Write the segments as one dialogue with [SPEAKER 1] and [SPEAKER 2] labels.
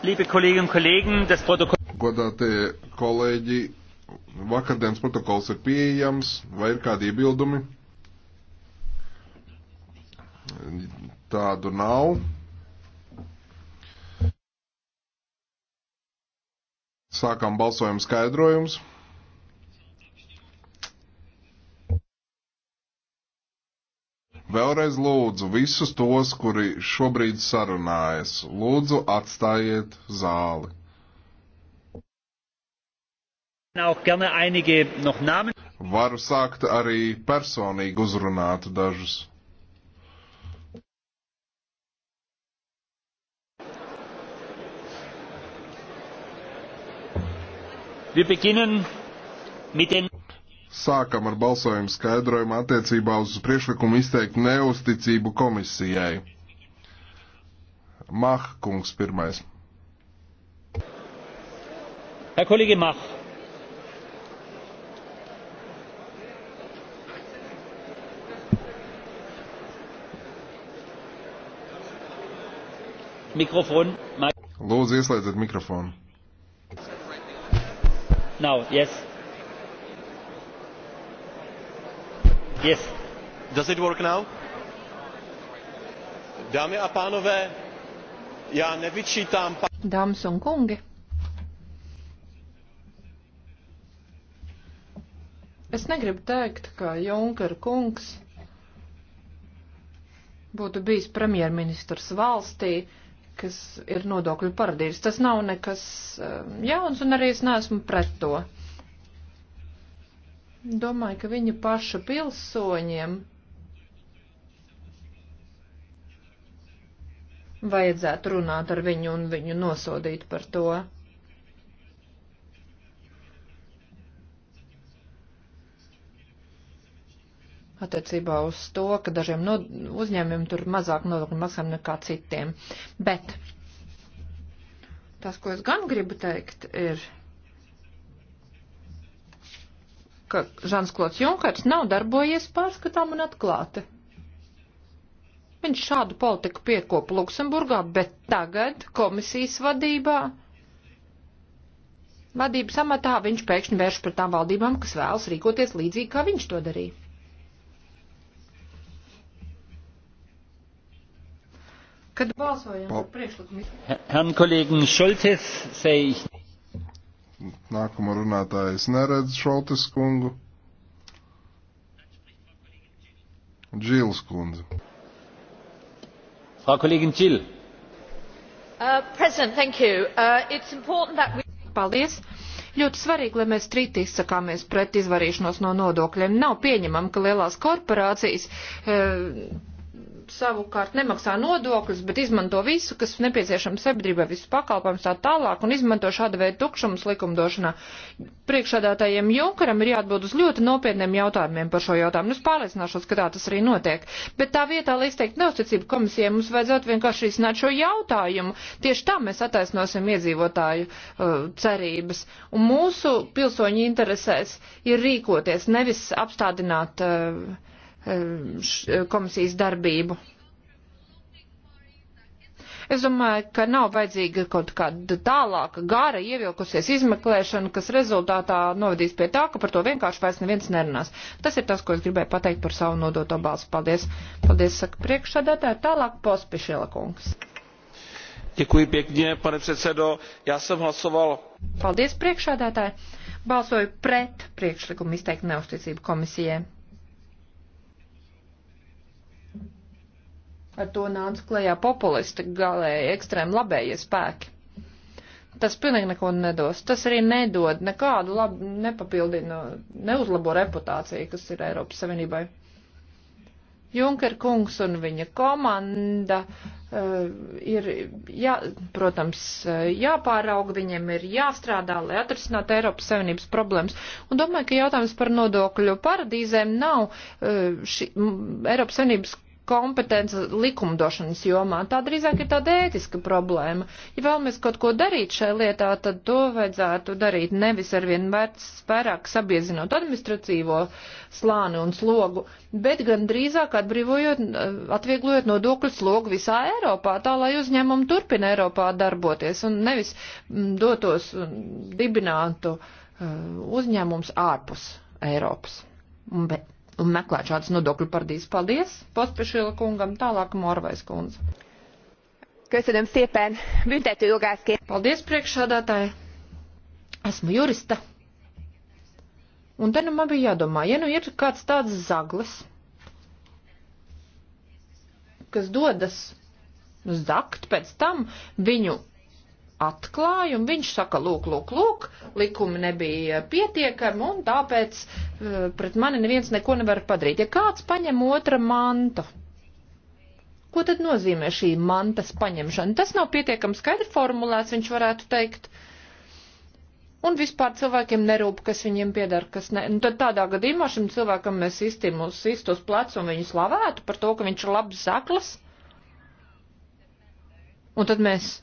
[SPEAKER 1] Godātie kolēģi, vakardienas protokols ir pieejams, vai ir kādi iebildumi? Tādu nav. Sākam balsojumu skaidrojums. Vēlreiz lūdzu visus tos, kuri šobrīd sarunājas, lūdzu atstājiet zāli. Varu sākt arī personīgi uzrunāt dažus. Wir beginnen mit den Sākam ar balsojumu skaidrojumu attiecībā uz priekšlikumu izteikt neusticību komisijai. Mah, kungs, pirmais.
[SPEAKER 2] Herr Kollege Mach. Mikrofon.
[SPEAKER 1] Lūdzu, ieslēdziet mikrofonu.
[SPEAKER 2] Now, yes. Yes. Does it work now? Dámy a pánové, já nevyčítám...
[SPEAKER 3] Dāmas un kungi, es negribu teikt, ka Junker kungs būtu bijis premjerministrs valstī, kas ir nodokļu paradīzes. Tas nav nekas um, jauns un arī es neesmu pret to. Domāju, ka viņa paša pilsoņiem vajadzētu runāt ar viņu un viņu nosodīt par to. attiecībā uz to, ka dažiem no, uzņēmumiem tur mazāk nodokļu maksām nekā citiem. Bet tas, ko es gan gribu teikt, ir, ka Žans Klots Junkers nav darbojies pārskatām un atklāti. Viņš šādu politiku piekopa Luksemburgā, bet tagad komisijas vadībā vadības amatā viņš pēkšņi vērš pret tām valdībām, kas vēlas rīkoties līdzīgi, kā viņš to darīja. Kad balsojam par priekšlikumu.
[SPEAKER 1] Herrn Kollegen Šoltes, sei ich. Nākamo runātāju es neredzu Šoltes kungu. Džils kundze. Frau Kollegin Džil.
[SPEAKER 3] Uh, President, thank you. Uh, it's important that we... Paldies. Ļoti svarīgi, lai mēs strīt izsakāmies pret izvarīšanos no nodokļiem. Nav pieņemam, ka lielās korporācijas uh, savukārt nemaksā nodokļus, bet izmanto visu, kas nepieciešams sabiedrībai, visu pakalpojumus tā tālāk un izmanto šāda veida tukšumus likumdošanā. Priekšādātājiem Junkaram ir jāatbild uz ļoti nopietniem jautājumiem par šo jautājumu. Nu, es pārliecināšos, ka tā tas arī notiek. Bet tā vietā, lai izteikt neusticību komisijai, mums vajadzētu vienkārši izsnāt šo jautājumu. Tieši tā mēs attaisnosim iedzīvotāju uh, cerības. Un mūsu pilsoņu interesēs ir rīkoties, nevis apstādināt. Uh, Um, eh, komisijas darbību. Es domāju, ka nav vajadzīga kaut kāda tālāka gara ievilkusies izmeklēšana, kas rezultātā novadīs pie tā, ka par to vienkārši vairs neviens nerunās. Tas ir tas, ko es gribēju pateikt par savu nodoto balsu. Paldies. Paldies, saka priekšsādātāja. Tālāk pospišiela kungs.
[SPEAKER 2] Děkuji pěkně, pane předsedo. Já jsem hlasoval.
[SPEAKER 3] Paldies, priekšsādātāja. Balsoju pret priekšlikumu izteikt neusticību komisijai. Ar to nāca klajā populisti, galēji ekstrēm labējie spēki. Tas pilnīgi neko nedos. Tas arī nedod nekādu labu, nepapildina, neuzlabo reputāciju, kas ir Eiropas Savienībai. Junker kungs un viņa komanda uh, ir, jā, protams, eh, jāpārauga, viņiem ir jāstrādā, lai atrisinātu Eiropas Savienības problēmas. Un domāju, ka jautājums par nodokļu paradīzēm nav uh, ši, Eiropas Savienības kompetence likumdošanas jomā. Tā drīzāk ir tāda ētiska problēma. Ja vēlamies kaut ko darīt šajā lietā, tad to vajadzētu darīt nevis ar vien vairāk sabiezinot administratīvo slāni un slogu, bet gan drīzāk atbrīvojot, atvieglojot nodokļu slogu visā Eiropā, tā lai uzņēmumi turpina Eiropā darboties un nevis mm, dotos dibinātu uh, uzņēmums ārpus Eiropas. Bet un meklēt šādas nodokļu paradīzes. Paldies, Pospešila kungam, tālāk Morvais kundze. Köszönöm szépen, büntető jogászként. Paldies, priekšsādātāji. Esmu jurista. Un te nu man bija jādomā, ja nu ir kāds tāds zaglis, kas dodas zakt pēc tam viņu atklāja, un viņš saka, lūk, lūk, lūk, likumi nebija pietiekami, un tāpēc eh, pret mani neviens neko nevar padarīt. Ja kāds paņem otra mantu, ko tad nozīmē šī mantas paņemšana? Tas nav pietiekami skaidri formulēts, viņš varētu teikt. Un vispār cilvēkiem nerūp, kas viņiem piedara, kas ne. Nu, tad tādā gadījumā šim cilvēkam mēs istim uz istos plecu un viņu slavētu par to, ka viņš ir labs zaklas. Un tad mēs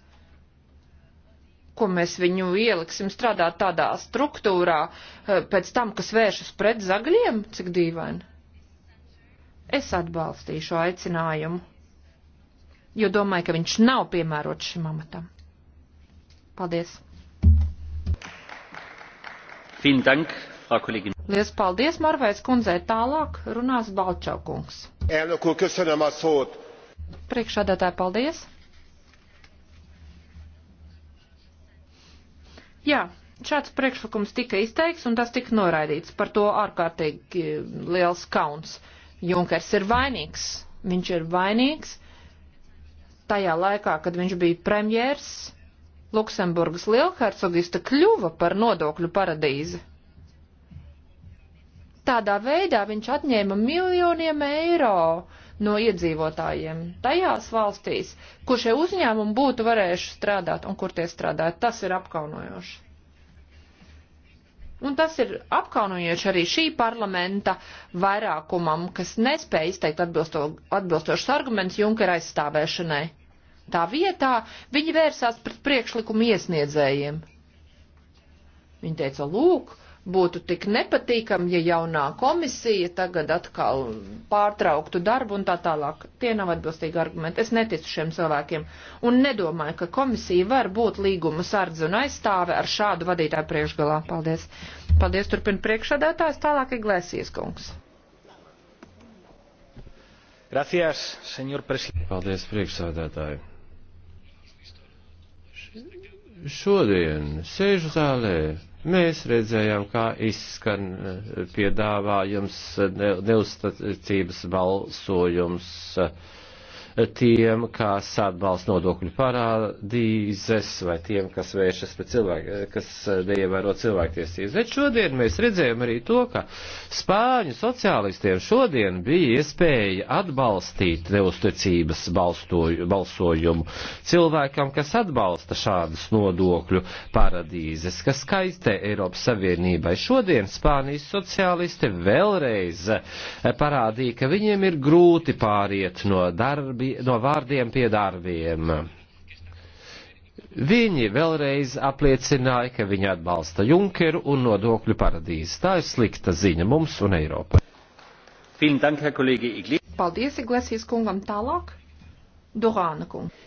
[SPEAKER 3] ko mēs viņu ieliksim strādāt tādā struktūrā eh, pēc tam, kas vēršas pret zagļiem, cik dīvaini. Es atbalstīšu aicinājumu, jo domāju, ka viņš nav piemērots šim amatam. Paldies! Dank, Lies paldies, Marvēs kundzē. Tālāk runās Balčaukungs.
[SPEAKER 1] Elnök úr, köszönöm a szót!
[SPEAKER 3] Priekšādātāji, paldies! Jā, šāds priekšlikums tika izteikts un tas tika noraidīts. Par to ārkārtīgi liels kauns. Junkers ir vainīgs. Viņš ir vainīgs tajā laikā, kad viņš bija premjers. Luksemburgas lielhercogista kļuva par nodokļu paradīzi. Tādā veidā viņš atņēma miljoniem eiro no iedzīvotājiem tajās valstīs, kur šie uzņēmumi būtu varējuši strādāt un kur tie strādāja. Tas ir apkaunojoši. Un tas ir apkaunojoši arī šī parlamenta vairākumam, kas nespēja izteikt atbilsto, atbilstošus argumentus Junkera aizstāvēšanai. Tā vietā viņi vērsās pret priekšlikumu iesniedzējiem. Viņi teica, lūk, uh, būtu tik nepatīkami, ja jaunā komisija tagad atkal pārtrauktu darbu un tā tālāk. Tie nav atbilstīgi argumenti. Es neticu šiem cilvēkiem un nedomāju, ka komisija var būt līguma sardze un aizstāve ar šādu vadītāju priekšgalā. Paldies. Paldies, turpina priekšsādātājs, tālāk Iglesias
[SPEAKER 2] kungs. Gracias, senor presidente. Paldies, priekšsādātāji. Šodien sēžu zālē Mēs redzējām, kā izskan eh, piedāvājums neuzstacības balsojums. Uh, tiem, kas atbalsta nodokļu parādīzes, vai tiem, kas vēršas pret cilvēku, kas neievēro cilvēktiesības. Bet šodien mēs redzējām arī to, ka spāņu sociālistiem šodien bija iespēja atbalstīt neusticības balstoju, balsojumu cilvēkam, kas atbalsta šādas nodokļu paradīzes, kas skaistē Eiropas Savienībai. Šodien Spānijas sociālisti vēlreiz parādīja, ka viņiem ir grūti pāriet no darbības pie, no vārdiem pie darbiem. Viņi vēlreiz apliecināja, ka viņi atbalsta Junkeru un nodokļu paradīzi. Tā ir slikta ziņa mums un Eiropai.
[SPEAKER 3] Paldies, Iglesijas kungam, tālāk. Durāna kungs.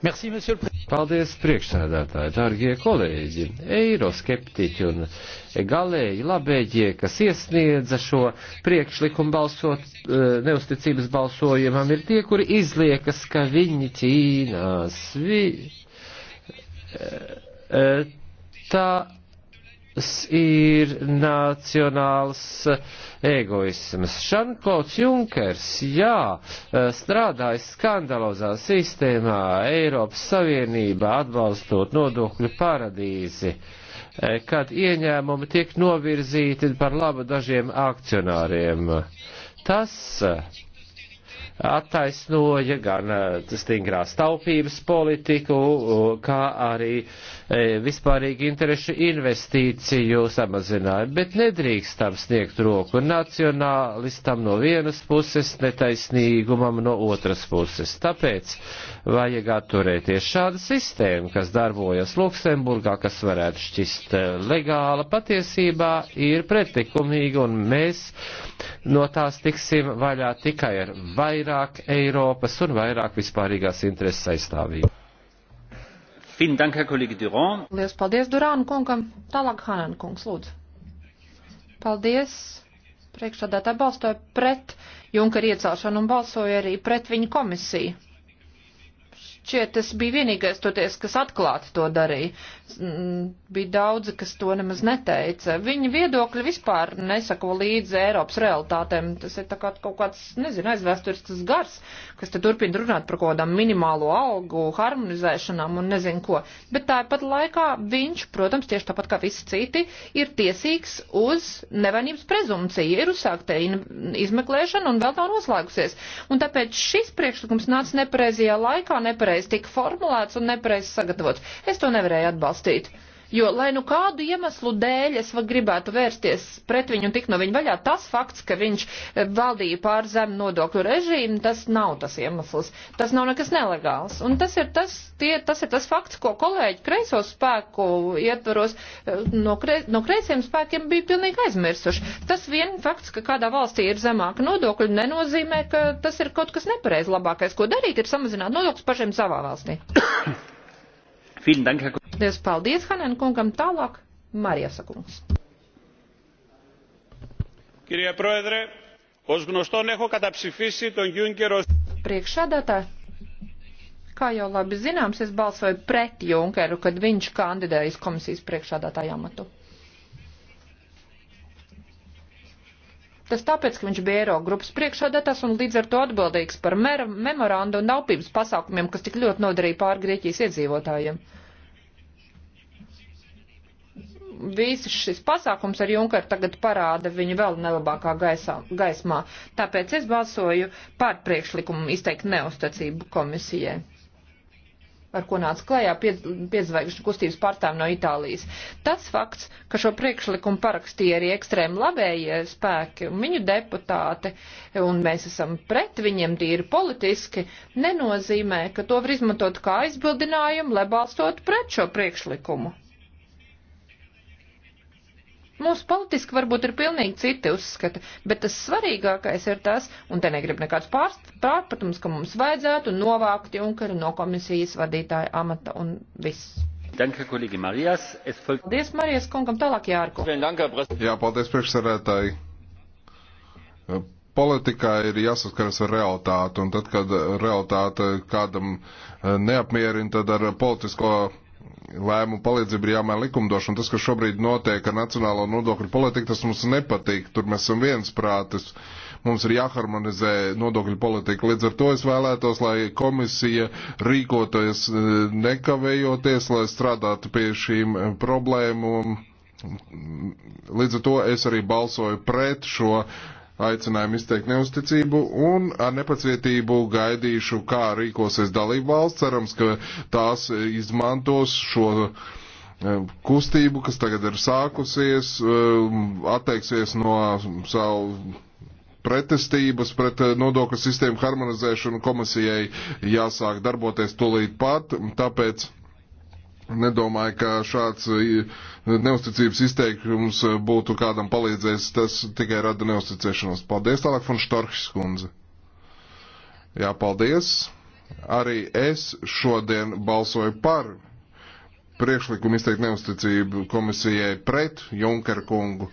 [SPEAKER 2] Paldies, priekšsēdētāji, dārgie kolēģi, eiroskeptiķi un galēji labēģie, kas iesniedza šo priekšlikumu balsot eh, neusticības balsojumam, ir tie, kuri izliekas, ka viņi cīnās. Vi, eh, eh, tā ir nacionāls egoisms. Šanklots Junkers, jā, strādāja skandalozā sistēmā Eiropas Savienībā atbalstot nodokļu paradīzi, kad ieņēmumi tiek novirzīti par labu dažiem akcionāriem. Tas attaisnoja gan eh, stingrā staupības politiku, eh, kā arī eh, vispārīgi interešu investīciju samazinājumu. Bet nedrīkstam sniegt roku nacionālistam no vienas puses, netaisnīgumam no otras puses. Tāpēc vajag atturēties šāda sistēma, kas darbojas Luksemburgā, kas varētu šķist legāla, patiesībā ir pretikumīga un mēs no tās tiksim vaļā tikai ar vairāk vairāk Eiropas un vairāk vispārīgās intereses aizstāvību. Lielas
[SPEAKER 3] paldies Durānu kungam. Tālāk Hanan kungs, lūdzu. Paldies. Priekšsādātā balstoja pret Junkara iecelšanu un balsoja arī pret viņa komisiju šķiet, tas bija vienīgais toties, kas atklāti to darīja. Mm, bija daudzi, kas to nemaz neteica. Viņa viedokļi vispār nesako līdzi Eiropas realitātēm. Tas ir tā kā kaut kāds, nezinu, aizvēsturisks gars, kas te turpina runāt par kaut kādām minimālo algu harmonizēšanām un nezinu ko. Bet tāpat laikā viņš, protams, tieši tāpat kā visi citi, ir tiesīgs uz nevainības prezumciju. Ir uzsākta izmeklēšana un vēl nav noslēgusies. Un tāpēc šis priekšlikums nāca nepareizajā laikā, nepareiz tika formulēts un nepareiz sagatavots. Es to nevarēju atbalstīt atbalstīt. Jo, lai nu kādu iemeslu dēļ es gribētu vērsties pret viņu un tik no viņa vaļā, tas fakts, ka viņš eh, valdīja pār zem nodokļu režīmu, tas nav tas iemesls. Tas nav nekas nelegāls. Un tas ir tas, tie, tas, ir tas fakts, ko kolēģi kreiso spēku ietvaros eh, no, kre, no kreisiem spēkiem bija pilnīgi aizmirsuši. Tas vien fakts, ka kādā valstī ir zemāka nodokļa, nenozīmē, ka tas ir kaut kas nepareizi. Labākais, ko darīt, ir samazināt nodokļus pašiem savā valstī.
[SPEAKER 2] Paldies,
[SPEAKER 3] paldies Hanen kungam. Tālāk Marijas kungs. Priekšādātāji, kā jau labi zināms, es balsoju pret Junkeru, kad viņš kandidējas komisijas priekšādātāju amatu. Tas tāpēc, ka viņš bija Eiro grupas priekšādātās un līdz ar to atbildīgs par mera, memorandu un naupības pasākumiem, kas tik ļoti nodarīja pār Grieķijas iedzīvotājiem. Viss šis pasākums ar Junkaru tagad parāda viņu vēl nelabākā gaisā, gaismā. Tāpēc es balsoju par priekšlikumu izteikt neustacību komisijai ar ko nāca klajā piedzvaigžņu kustības pārstāvji no Itālijas. Tas fakts, ka šo priekšlikumu parakstīja arī ekstrēmi labējie spēki un viņu deputāti, un mēs esam pret viņiem tīri politiski, nenozīmē, ka to var izmantot kā aizbildinājumu, lai balstot pret šo priekšlikumu. Mums politiski varbūt ir pilnīgi citi uzskati, bet tas svarīgākais ir tas, un te negrib nekāds pārpratums, ka mums vajadzētu novākt Junkeru no komisijas vadītāja amata un viss.
[SPEAKER 1] Danke, kolēģi Marijas. Es folg...
[SPEAKER 3] Paldies, Marijas kungam, tālāk Jārko.
[SPEAKER 1] Jā, paldies, priekšsarētāji. Politikā ir jāsaskaras ar realitāti, un tad, kad realitāte kādam eh, neapmierina, tad ar politisko lēmumu palīdzību ir jāmaina likumdošana. Tas, kas šobrīd notiek ar nacionālo nodokļu politiku, tas mums nepatīk. Tur mēs esam viensprātis. Mums ir jāharmonizē nodokļu politika. Līdz ar to es vēlētos, lai komisija rīkoties e, nekavējoties, lai strādātu pie šīm e, problēmām. Līdz ar to es arī balsoju pret šo uh, aicinājumu izteikt neusticību un ar nepacietību gaidīšu, kā rīkosies dalību valsts. Cerams, ka tās izmantos šo eh, kustību, kas tagad ir sākusies, eh, atteiksies no savu pretestības pret eh, nodokļu sistēmu harmonizēšanu komisijai jāsāk darboties tūlīt pat, tāpēc Nedomāju, ka šāds e, neusticības izteikums e, būtu kādam palīdzējis. Tas tikai rada neusticēšanos. Paldies, tālāk, Fon Štorhis kundze. Jā, paldies. Arī es šodien balsoju par priekšlikumu izteikt neusticību komisijai pret Junkeru kungu.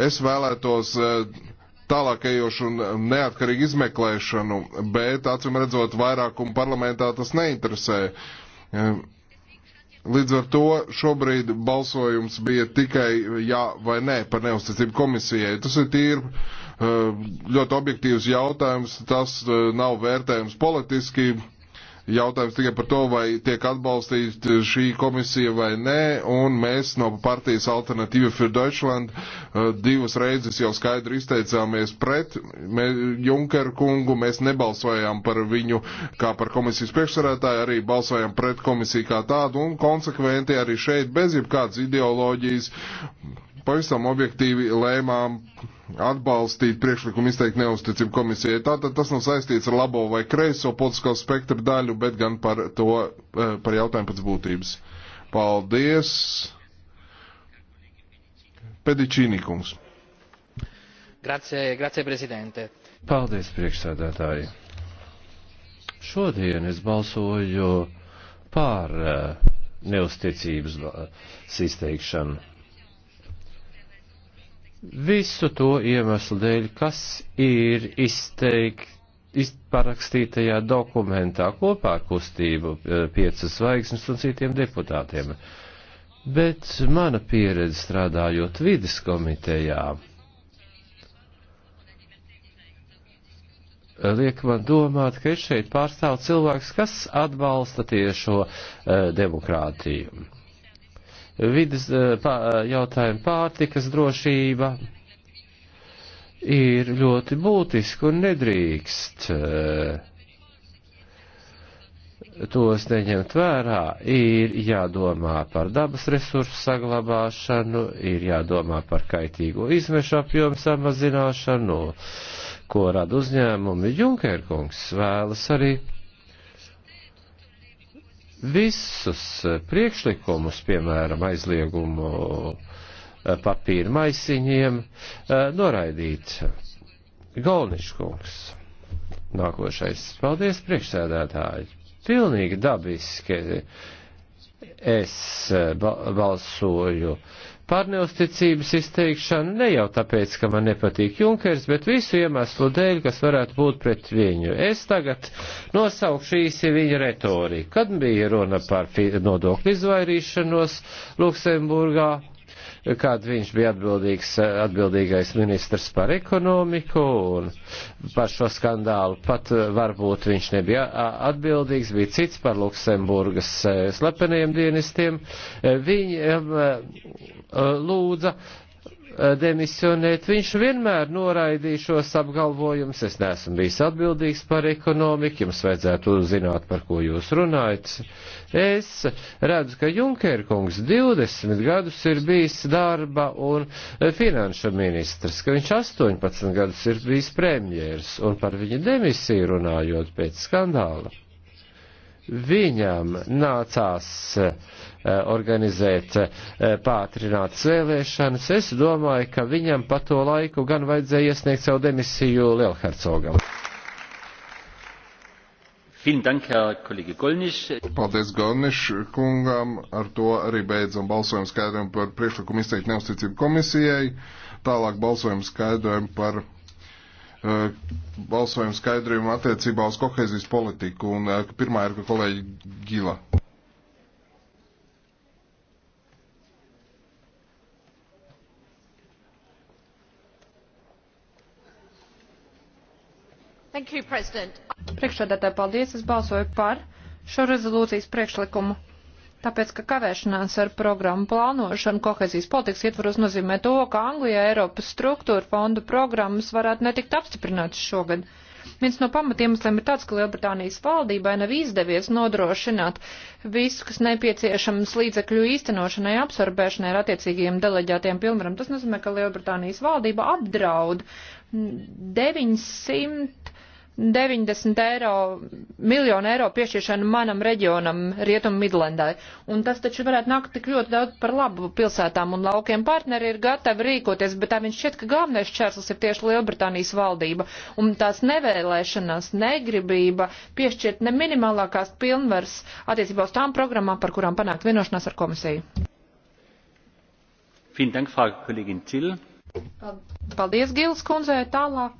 [SPEAKER 1] Es vēlētos e, tālākajošu un neatkarīgu izmeklēšanu, bet acīm redzot vairākumu parlamentā tas neinteresē. Līdz ar to šobrīd balsojums bija tikai jā vai nē par neusticību komisijai. Tas ir tīri eh, ļoti objektīvs jautājums, tas eh, nav vērtējums politiski, Jautājums tikai par to, vai tiek atbalstīta šī komisija vai nē, un mēs no partijas Alternatīva für Deutschland uh, divas reizes jau skaidri izteicāmies pret Mē, Junkeru kungu, mēs nebalsojām par viņu kā par komisijas priekšsarētāju, arī balsojām pret komisiju kā tādu, un konsekventi arī šeit bez jebkādas ideoloģijas pavisam objektīvi lēmām atbalstīt priekšlikumu izteikt neusticību komisijai. Tātad tas nav saistīts ar labo vai kreiso politisko spektru daļu, bet gan par to, eh, par jautājumu pēc būtības. Paldies. Pedičīnīkums. Grazie, grazie, prezidente.
[SPEAKER 2] Paldies, priekšsēdētāji. Šodien es balsoju pār eh, neusticības izteikšanu Visu to iemeslu dēļ, kas ir izteikti parakstītajā dokumentā kopā ar kustību eh, piecas zvaigznes un citiem deputātiem. Bet mana pieredze strādājot vidas komitejā liek man domāt, ka es šeit pārstāvu cilvēks, kas atbalsta tiešo eh, demokrātiju vidas eh, eh, jautājumi, pārtikas drošība ir ļoti būtiski un nedrīkst eh, tos neņemt vērā, ir jādomā par dabas resursu saglabāšanu, ir jādomā par kaitīgo izmešu apjomu samazināšanu, ko rada uzņēmumi. Junkerkungs vēlas arī visus eh, priekšlikumus, piemēram, aizliegumu eh, papīra maisiņiem, eh, noraidīt. Galniškungs, nākošais. Paldies, priekšsēdētāji. Pilnīgi dabiski es balsoju par neusticības izteikšanu ne jau tāpēc, ka man nepatīk Junkers, bet visu iemeslu dēļ, kas varētu būt pret viņu. Es tagad nosaukšu īsi viņa retoriku. Kad bija runa par nodokļu izvairīšanos Luksemburgā, kad viņš bija atbildīgs, atbildīgais ministrs par ekonomiku un par šo skandālu. Pat varbūt viņš nebija atbildīgs, bija cits par Luksemburgas e, slepeniem dienestiem. E, Viņam e, Uh, lūdza uh, demisionēt, viņš vienmēr noraidīja šos apgalvojumus. Es neesmu bijis atbildīgs par ekonomiku, jums vajadzētu zināt, par ko jūs runājat. Es redzu, ka Junkerkungs 20 gadus ir bijis darba un uh, finanšu ministrs, ka viņš 18 gadus ir bijis premjērs un par viņa demisiju runājot pēc skandāla. Viņam nācās uh, Eh, organizēt eh, pātrinātas vēlēšanas. Es domāju, ka viņam pa to laiku gan vajadzēja
[SPEAKER 1] iesniegt savu demisiju Lielhercogam. Paldies Golniš kungam. Ar to arī beidzam balsojumu skaidrojumu par priekšlikumu izteikt neusticību komisijai. Tālāk balsojumu skaidrojumu par uh, balsojumu skaidrojumu attiecībā uz kohēzijas politiku. Un uh, pirmā ir kolēģi Gila.
[SPEAKER 3] Priekšsēdētāji, paldies, es balsoju par šo rezolūcijas priekšlikumu. Tāpēc, ka kavēšanās ar programmu plānošanu kohezijas politikas ietvaros nozīmē to, ka Anglijā Eiropas struktūra fondu programmas varētu netikt apstiprinātas šogad. Viens no pamatiemesliem ir tāds, ka Lielbritānijas valdībai nav izdevies nodrošināt visu, kas nepieciešams līdzekļu īstenošanai, absorbēšanai ar attiecīgiem deleģētiem pilnvaram. Tas nozīmē, ka Lielbritānijas valdība apdraud 900 90 eiro, miljonu eiro piešķiršanu manam reģionam, Rietumu Midlendai. Un tas taču varētu nākt tik ļoti daudz par labu pilsētām un laukiem. Partneri ir gatavi rīkoties, bet tā viņš šķiet, ka galvenais čērslis ir tieši Lielbritānijas valdība. Un tās nevēlēšanās, negribība piešķirt ne minimālākās pilnvars attiecībā uz tām programmām, par kurām panākt vienošanās ar komisiju.
[SPEAKER 2] Vielen Dank, Frau Kollegin Zill.
[SPEAKER 3] Paldies, Gils kundzei. Tālāk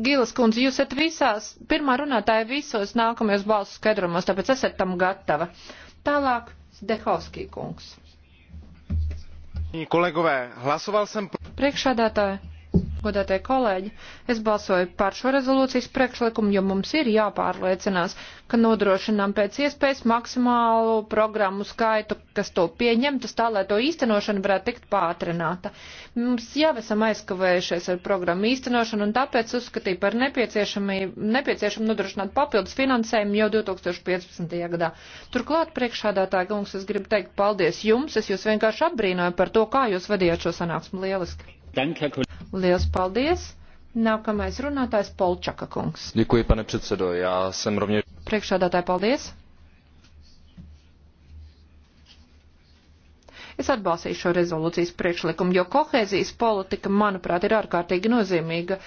[SPEAKER 3] Gilas kundze, jūs esat visās, pirmā runātāja visos nākamajos balsu skaidrumos, tāpēc esat tam gatava. Tālāk, Dehovskī kungs.
[SPEAKER 2] Kolegové, hlasoval jsem...
[SPEAKER 3] Priekšādātāja Godātie kolēģi, es balsoju par šo rezolūcijas priekšlikumu, jo mums ir jāpārliecinās, ka nodrošinām pēc iespējas maksimālu programmu skaitu, kas to pieņemtas, tā lai to īstenošana varētu tikt pātrināta. Mums jau esam aizkavējušies ar programmu īstenošanu un tāpēc uzskatīju par nepieciešamu nodrošināt papildus finansējumu jau 2015. gadā. Turklāt priekšādātāja kungs, es gribu teikt paldies jums, es jūs vienkārši apbrīnoju par to, kā jūs vadījāt šo sanāksmu lieliski. Liels paldies! Nākamais runātājs Polčaka kungs.
[SPEAKER 2] Děkuji, pane předsedo. Já jsem rovněž...
[SPEAKER 3] Priekšādātāji, paldies! Es atbalstīšu šo rezolūcijas priekšlikumu, jo kohēzijas politika, manuprāt, ir ārkārtīgi nozīmīga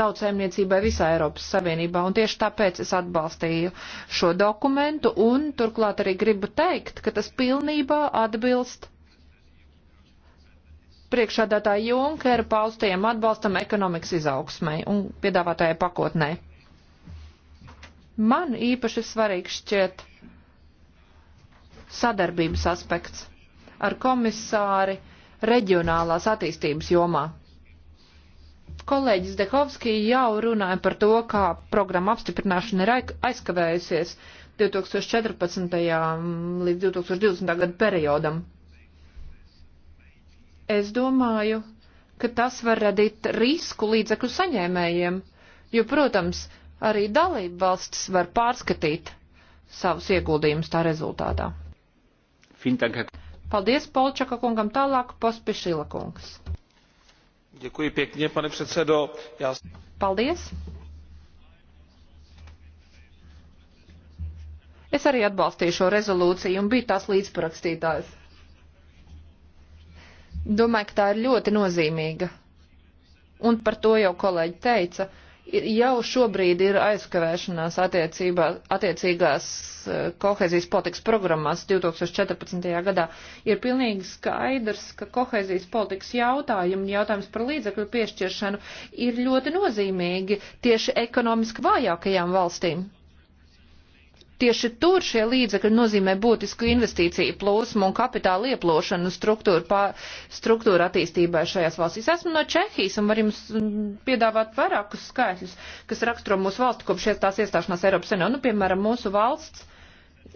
[SPEAKER 3] tautsēmniecībai visā Eiropas Savienībā, un tieši tāpēc es atbalstīju šo dokumentu, un turklāt arī gribu teikt, ka tas pilnībā atbilst priekšādātāja Junkera paustajiem atbalstam ekonomikas izaugsmai un piedāvātajai pakotnē. Man īpaši svarīgs šķiet sadarbības aspekts ar komisāri reģionālās attīstības jomā. Kolēģis Dehovski jau runāja par to, kā programma apstiprināšana ir aizkavējusies 2014. līdz 2020. gadu periodam. Es domāju, ka tas var radīt risku līdzekļu saņēmējiem, jo, protams, arī dalība valstis var pārskatīt savus ieguldījumus tā rezultātā. Fintanka. Paldies Polčaka kungam tālāk, Pospišila kungs.
[SPEAKER 2] Děkuji pěkně, pane předsedo. Já...
[SPEAKER 3] Paldies. Es arī atbalstīju šo rezolūciju un biju tās līdzprakstītājs. Domāju, ka tā ir ļoti nozīmīga. Un par to jau kolēģi teica, jau šobrīd ir aizkavēšanās attiecīgās eh, kohēzijas politikas programmās 2014. gadā. Ir pilnīgi skaidrs, ka kohēzijas politikas jautājumi, jautājums par līdzekļu piešķiršanu ir ļoti nozīmīgi tieši ekonomiski vājākajām valstīm. Tieši tur šie līdzekļi nozīmē būtisku investīciju plūsmu un kapitāla ieplošanu struktūru, pā, struktūru attīstībai šajās valstīs. Esmu no Čehijas un var jums mm, piedāvāt vairākus skaitļus, kas raksturo mūsu valsti kopš tās iestāšanās Eiropas Savienībā. Nu, piemēram, mūsu valsts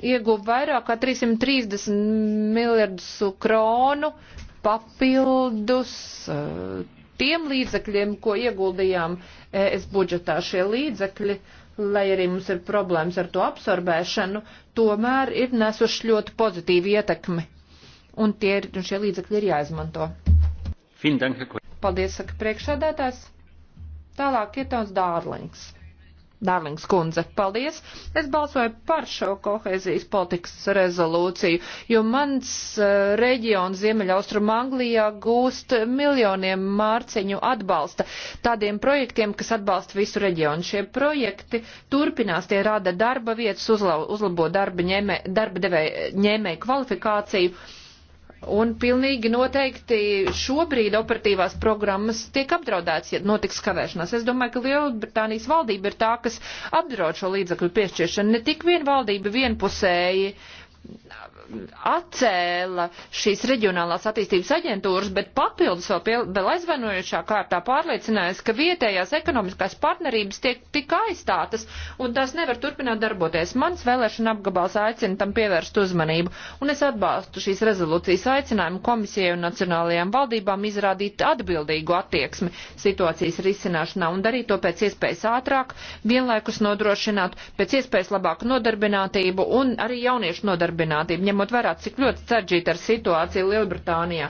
[SPEAKER 3] ieguva vairāk kā 330 miljardus kronu papildus eh, tiem līdzekļiem, ko ieguldījām es budžetā šie līdzekļi lai arī mums ir problēmas ar to absorbēšanu, tomēr ir nesuši ļoti pozitīvu ietekmi. Un tie ir, un šie līdzekļi ir jāizmanto. Paldies, saka priekšsādātājs. Tālāk ir tāds dārlings. Dārlings kundze, paldies! Es balsoju par šo kohēzijas politikas rezolūciju, jo mans uh, reģions Ziemeļaustrum Anglijā gūst miljoniem mārciņu atbalsta tādiem projektiem, kas atbalsta visu reģionu. Šie projekti turpinās, tie rada darba vietas, uzlabo darba, ņēmē, darba devē, ņēmē kvalifikāciju Un pilnīgi noteikti šobrīd operatīvās programmas tiek apdraudēts, ja notiks kavēšanās. Es domāju, ka Lielbritānijas valdība ir tā, kas apdraud šo līdzakļu piešķiršanu. Ne tik vien valdība vienpusēji atcēla šīs reģionālās attīstības aģentūras, bet papildus vēl, vēl aizvainojušā kārtā pārliecinājās, ka vietējās ekonomiskās partnerības tiek tik aizstātas un tās nevar turpināt darboties. Mans vēlēšana apgabals aicina tam pievērst uzmanību, un es atbalstu šīs rezolūcijas aicinājumu komisijai un nacionālajām valdībām izrādīt atbildīgu attieksmi situācijas risināšanā un darīt to pēc iespējas ātrāk, vienlaikus nodrošināt pēc iespējas labāku nodarbinātību un arī jauniešu nodarbinātību ņemot vērā, cik ļoti saržģīta ir situācija Lielbritānijā.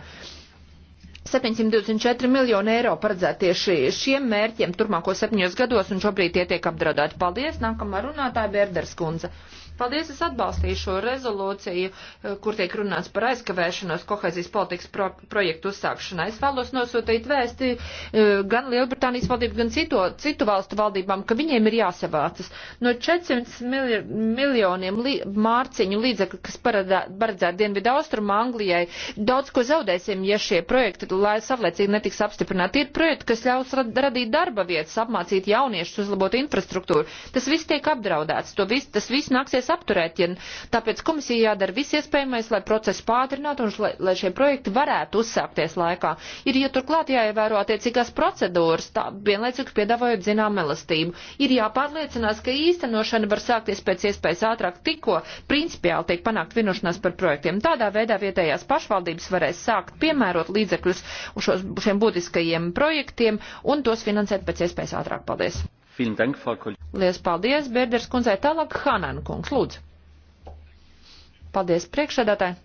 [SPEAKER 3] 724 miljoni eiro paredzēti tieši šiem mērķiem turmāko septiņos gados, un šobrīd tie tiek apdraudēti. Paldies! Nākamā runātāja Berders Kunze. Paldies, es atbalstīju šo rezolūciju, eh, kur tiek runāts par aizkavēšanos kohēzijas politikas pro projektu uzsākšanā. Es vēlos nosūtīt vēsti eh, gan Lielbritānijas valdību, gan citu, citu valstu valdībām, ka viņiem ir jāsavācas. No 400 milj miljoniem li mārciņu līdzekļu, kas paredzēta Dienvidu austrumu Anglijai, daudz ko zaudēsim, ja šie projekti, lai savlaicīgi netiks apstiprināti, ir projekti, kas ļaus rad radīt darba vietas, apmācīt jauniešus, uzlabot infrastruktūru. Tas viss tiek apdraudēts, viss, tas viss nāksies varēs apturēt. Ja, tāpēc komisija jādara viss iespējamais, lai procesu pātrinātu un lai, lai šie projekti varētu uzsākties laikā. Ir, ja turklāt jāievēro attiecīgās procedūras, tā vienlaicīgi piedāvājot zinām elastību. Ir jāpārliecinās, ka īstenošana var sākties pēc iespējas ātrāk tikko principiāli tiek panākt vienošanās par projektiem. Tādā veidā vietējās pašvaldības varēs sākt piemērot līdzekļus šos, šiem būtiskajiem projektiem un tos finansēt pēc iespējas ātrāk. Paldies! Lielas paldies, Birders kundzei. Tālāk Hanan kungs, lūdzu. Paldies priekšsēdētāji.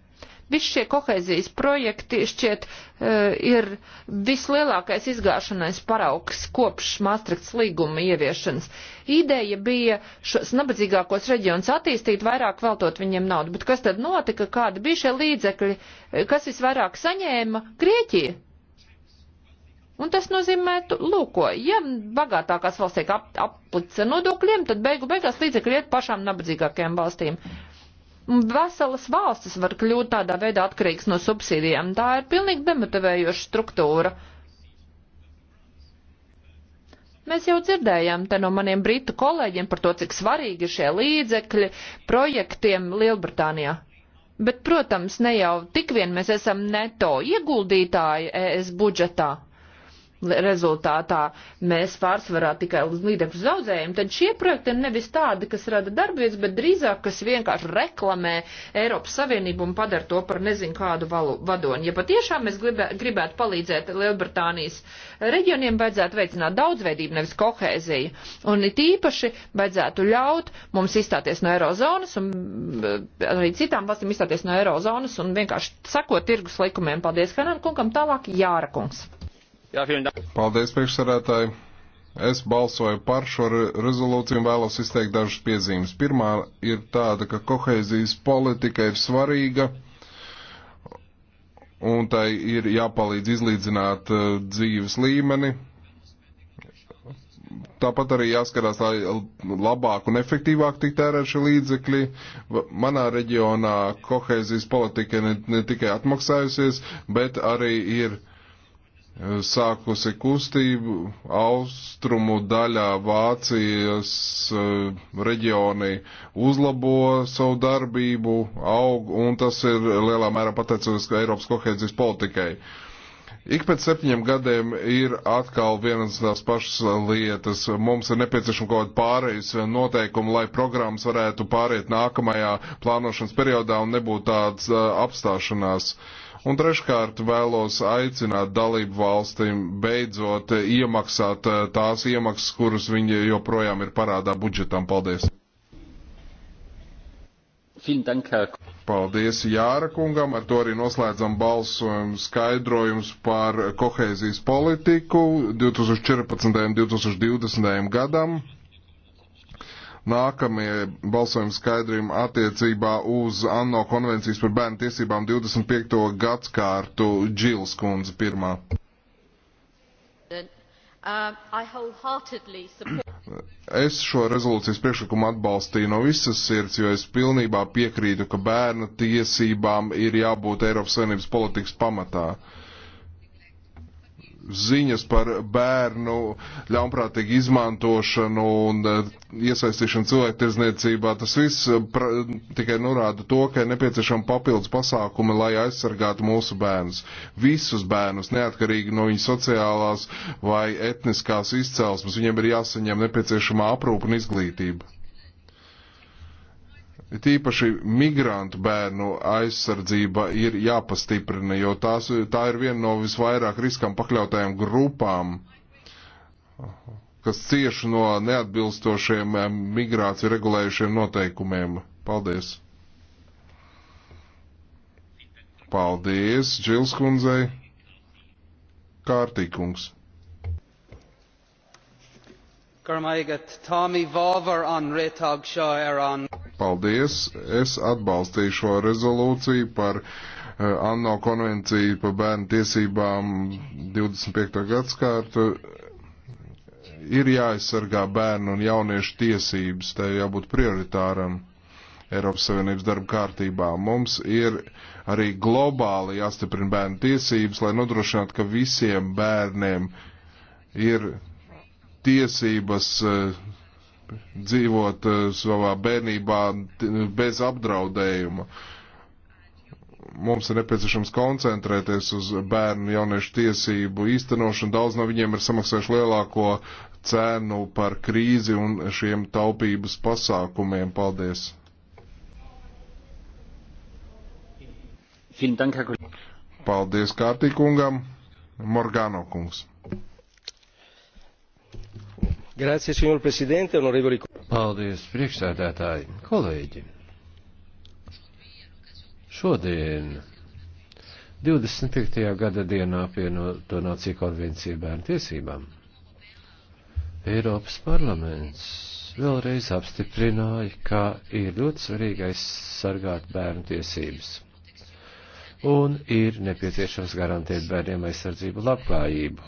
[SPEAKER 3] Viss šie kohēzijas projekti šķiet uh, ir vislielākais izgāšanais paraugs kopš Maastrichts līguma ieviešanas. Ideja bija šos nabadzīgākos reģionus attīstīt, vairāk veltot viņiem naudu. Bet kas tad notika? Kādi bija šie līdzekļi? E, kas visvairāk saņēma? Grieķija Un tas nozīmē, lūk, ko, ja bagātākās valsts tiek ap, aplicis ar nodokļiem, tad beigu beigās līdzekļi iet pašām nabadzīgākajām valstīm. Veselas valstis var kļūt tādā veidā atkarīgs no subsīdijām. Tā ir pilnīgi demotivējoša struktūra. Mēs jau dzirdējām te no maniem britu kolēģiem par to, cik svarīgi ir šie līdzekļi projektiem Lielbritānijā. Bet, protams, ne jau tik vien mēs esam neto ieguldītāji ES budžetā rezultātā mēs pārsvarā tikai līdzekļus zaudējam, tad šie projekti ir nevis tādi, kas rada darbvietas, bet drīzāk, kas vienkārši reklamē Eiropas Savienību un padara to par nezinu kādu valu, vadoni. Ja patiešām mēs gribē, gribētu palīdzēt Lielbritānijas reģioniem, vajadzētu veicināt daudzveidību, nevis kohēziju. Un it īpaši vajadzētu ļaut mums izstāties no Eirozonas un eh, arī citām valstīm izstāties no Eirozonas un vienkārši sakot tirgus likumiem. Paldies, Hanan kungam, tālāk Jāra kungs.
[SPEAKER 1] Jā, Paldies, priekšsarētāji. Es balsoju par šo rezolūciju un vēlos izteikt dažas piezīmes. Pirmā ir tāda, ka kohēzijas politika ir svarīga un tai ir jāpalīdz izlīdzināt uh, dzīves līmeni. Tāpat arī jāskatās, lai labāk un efektīvāk tik tērēt šie līdzekļi. Manā reģionā kohēzijas politika ne, ne tikai atmaksājusies, bet arī ir sākusi kustību austrumu daļā Vācijas e, reģioni uzlabo savu darbību, aug, un tas ir lielā mērā pateicoties Eiropas kohēzijas politikai. Ik pēc septiņiem gadiem ir atkal vienas tās pašas lietas. Mums ir nepieciešama kaut kāda pārejas noteikuma, lai programmas varētu pāriet nākamajā plānošanas periodā un nebūtu tāds e, apstāšanās. Uh, Un treškārt vēlos aicināt dalību valstīm beidzot iemaksāt eh, tās iemaksas, kuras viņi joprojām ir parādā budžetam. Paldies! Paldies Jāra kungam, ar to arī noslēdzam balsojumu skaidrojums par kohēzijas politiku 2014. un 2020. gadam nākamie balsojumi skaidrījumi attiecībā uz ANO konvencijas par bērnu tiesībām 25. gadskārtu Džils kundze pirmā. Uh, es šo rezolūcijas priekšlikumu atbalstīju no visas sirds, jo es pilnībā piekrītu, ka bērnu tiesībām ir jābūt Eiropas Savienības politikas pamatā. Uh, ziņas par bērnu ļaunprātīgu izmantošanu un eh, iesaistīšanu cilvēktirdzniecībā. Tas viss eh, pra, tikai norāda to, ka ir nepieciešama papildus pasākumi, lai aizsargātu mūsu bērnus. Visus bērnus, neatkarīgi no viņu sociālās vai etniskās izcelsmes, viņiem ir jāsaņem nepieciešamā aprūpa un izglītība. Tīpaši migrantu bērnu aizsardzība ir jāpastiprina, jo tās, tā ir viena no visvairāk riskam pakļautajām grupām, kas cieši no neatbilstošiem eh, migrāciju regulējušiem noteikumiem. Paldies! Paldies, Džilskundzei! Kārtīkungs! Paldies! Es atbalstīju šo rezolūciju par uh, eh, ANO konvenciju par bērnu tiesībām 25. gadskārtu. Ir jāaizsargā bērnu un jauniešu tiesības, tai jābūt prioritāram Eiropas Savienības darba kārtībā. Mums ir arī globāli jāstiprina bērnu tiesības, lai nodrošinātu, ka visiem bērniem ir tiesības eh, dzīvot eh, savā bērnībā bez apdraudējuma. Mums ir nepieciešams koncentrēties uz bērnu jauniešu tiesību īstenošanu. Daudz no viņiem ir samaksājuši lielāko cēnu par krīzi un šiem taupības pasākumiem. Paldies! Paldies Kārtīkungam! Morgano kungs.
[SPEAKER 2] Grazie, signor Presidente, onorevoli kolēģi. Paldies, priekšsēdētāji, kolēģi. Šodien, 25. gada dienā apvienoto nāciju konvenciju bērnu tiesībām, Eiropas parlaments vēlreiz apstiprināja, ka ir ļoti svarīgi aizsargāt bērnu tiesības un ir nepieciešams garantēt bērniem aizsardzību labklājību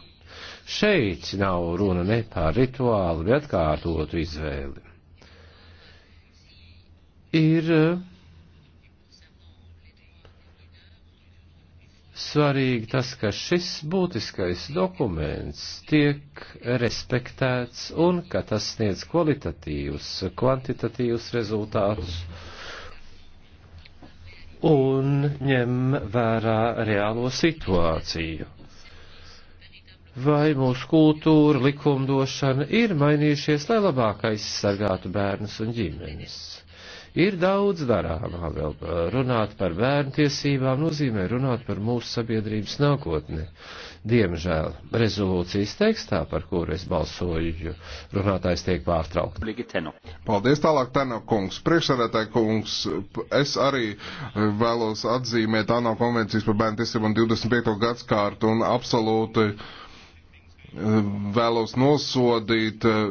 [SPEAKER 2] Šeit nav runa ne par rituālu, bet atkārtotu izvēli. Ir eh, svarīgi tas, ka šis būtiskais dokuments tiek respektēts un ka tas sniedz kvalitatīvus, kvantitatīvus rezultātus un ņem vērā reālo situāciju vai mūsu kultūra, likumdošana ir mainījušies, lai labāk aizsargātu bērnus un ģimenes. Ir daudz darāmā vēl runāt par bērnu tiesībām, nozīmē runāt par mūsu sabiedrības nākotni. Diemžēl
[SPEAKER 1] rezolūcijas tekstā, par kuru es balsoju, runātājs tiek pārtraukts. Paldies tālāk, Tano kungs. Priekšsēdētāji kungs, es arī vēlos atzīmēt ANO konvencijas par bērnu tiesībām 25. gadskārtu un absolūti uh, vēlos nosodīt eh,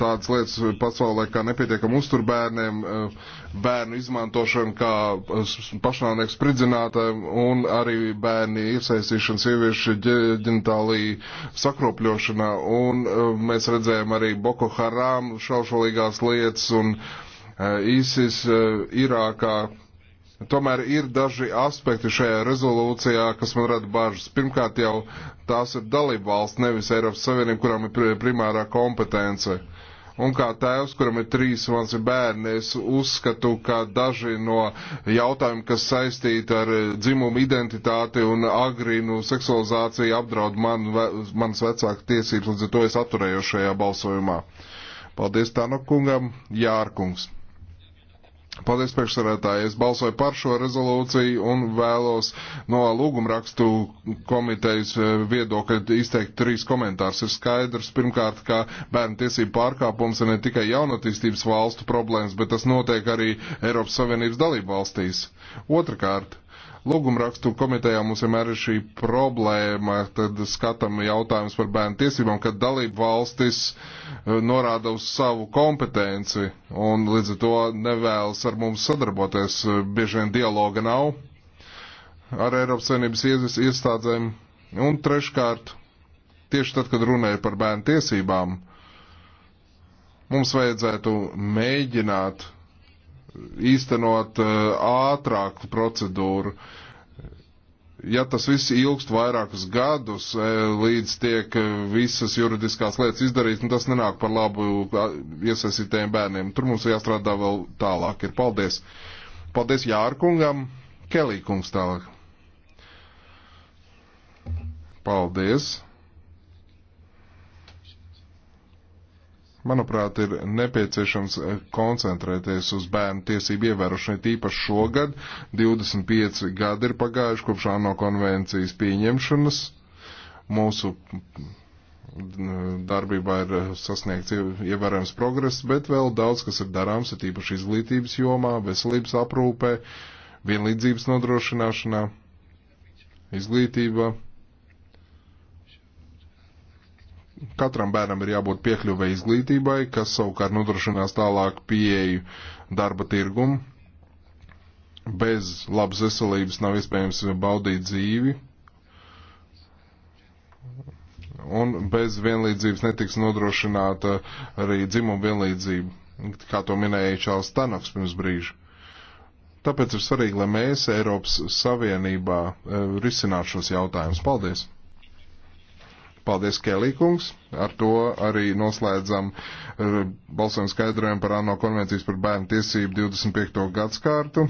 [SPEAKER 1] tādas lietas pasaulē kā nepietiekam uztur bērniem, eh, bērnu izmantošanu kā eh, pašnāvnieku spridzinātājiem un arī bērni iesaistīšanu sieviešu ģenitālī sakropļošanā. Un mēs redzējām arī Boko Haram šaušalīgās lietas un ISIS Irākā Tomēr ir daži aspekti šajā rezolūcijā, kas man rada bažas. Pirmkārt, jau tās ir dalība valsts, nevis Eiropas Savienība, kurām ir primārā kompetence. Un kā tēvs, kuram ir trīs mazi bērni, es uzskatu, ka daži no jautājumiem, kas saistīti ar dzimumu identitāti un agrīnu seksualizāciju, apdraud man, manas vecāku tiesības, līdz ar to es atturējos šajā balsojumā. Paldies Tanokungam, Jārkungs. Paldies, priekšsarētāji. Es balsoju par šo rezolūciju un vēlos no lūgumrakstu komitejas eh, viedokļa izteikt trīs komentārus. Ir skaidrs, pirmkārt, ka bērnu tiesību pārkāpums ir ne tikai jaunatīstības valstu problēmas, bet tas notiek arī Eiropas Savienības dalību valstīs. Otrakārt, Lūgumrakstu komitejā mums vienmēr ir šī problēma, tad skatām jautājumus par bērnu tiesībām, kad dalību valstis eh, norāda uz savu kompetenci un līdz ar to nevēlas ar mums sadarboties. Bieži vien dialoga nav ar Eiropas Savienības iestādēm. Un treškārt, tieši tad, kad runāja par bērnu tiesībām, mums vajadzētu mēģināt īstenot eh, ātrāku procedūru. Ja tas viss ilgst vairākus gadus, eh, līdz tiek eh, visas juridiskās lietas izdarītas, nu tas nenāk par labu iesaistītajiem bērniem. Tur mums jāstrādā vēl tālāk. Ir paldies. Paldies Jārkungam, Kelī kungs tālāk. Paldies. Manuprāt, ir nepieciešams eh, koncentrēties uz bērnu tiesību ievērošanu, tīpaši šogad. 25 gadi ir pagājuši kopš ANO konvencijas pieņemšanas. Mūsu mm, darbībā ir eh, sasniegts ievērojams progress, bet vēl daudz, kas ir darāms, ir tīpaši izglītības jomā, veselības aprūpē, vienlīdzības nodrošināšanā, izglītībā Katram bērnam ir jābūt piekļuvē izglītībai, kas savukārt nodrošinās tālāk pieeju darba tirgumu. Bez labas veselības nav iespējams baudīt dzīvi. Un bez vienlīdzības netiks nodrošināta arī dzimuma vienlīdzība, kā to minēja Čāls Tanaks pirms brīža. Tāpēc ir svarīgi, lai mēs Eiropas Savienībā eh, risinātu šos jautājumus. Paldies! Paldies, Kēlīkungs. Ar to arī noslēdzam eh, balsojumu skaidrojumu par ANO konvencijas par bērnu tiesību 25. gadskārtu.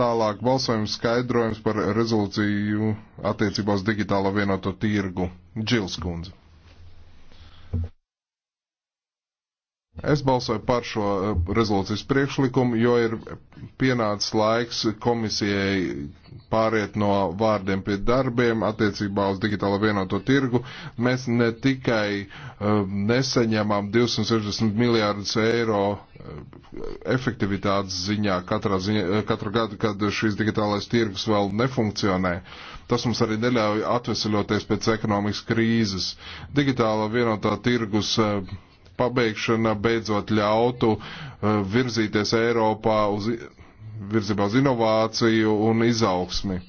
[SPEAKER 1] Tālāk balsojums skaidrojums par rezolūciju attiecībā uz digitālo vienoto tirgu. Džils kundze. Es balsoju par šo eh, rezolūcijas priekšlikumu, jo ir pienācis laiks komisijai pāriet no vārdiem pie darbiem attiecībā uz digitālo vienoto tirgu. Mēs ne tikai um, nesaņemam 260 miljārdus eiro eh, efektivitātes ziņā katra ziņa, katru gadu, kad šīs digitālais tirgus vēl nefunkcionē. Tas mums arī neļauj atvesaļoties pēc ekonomikas krīzes. Digitāla vienotā tirgus uh, pabeigšana beidzot ļautu eh, virzīties Eiropā uz, virzībā uz inovāciju un izaugsmi.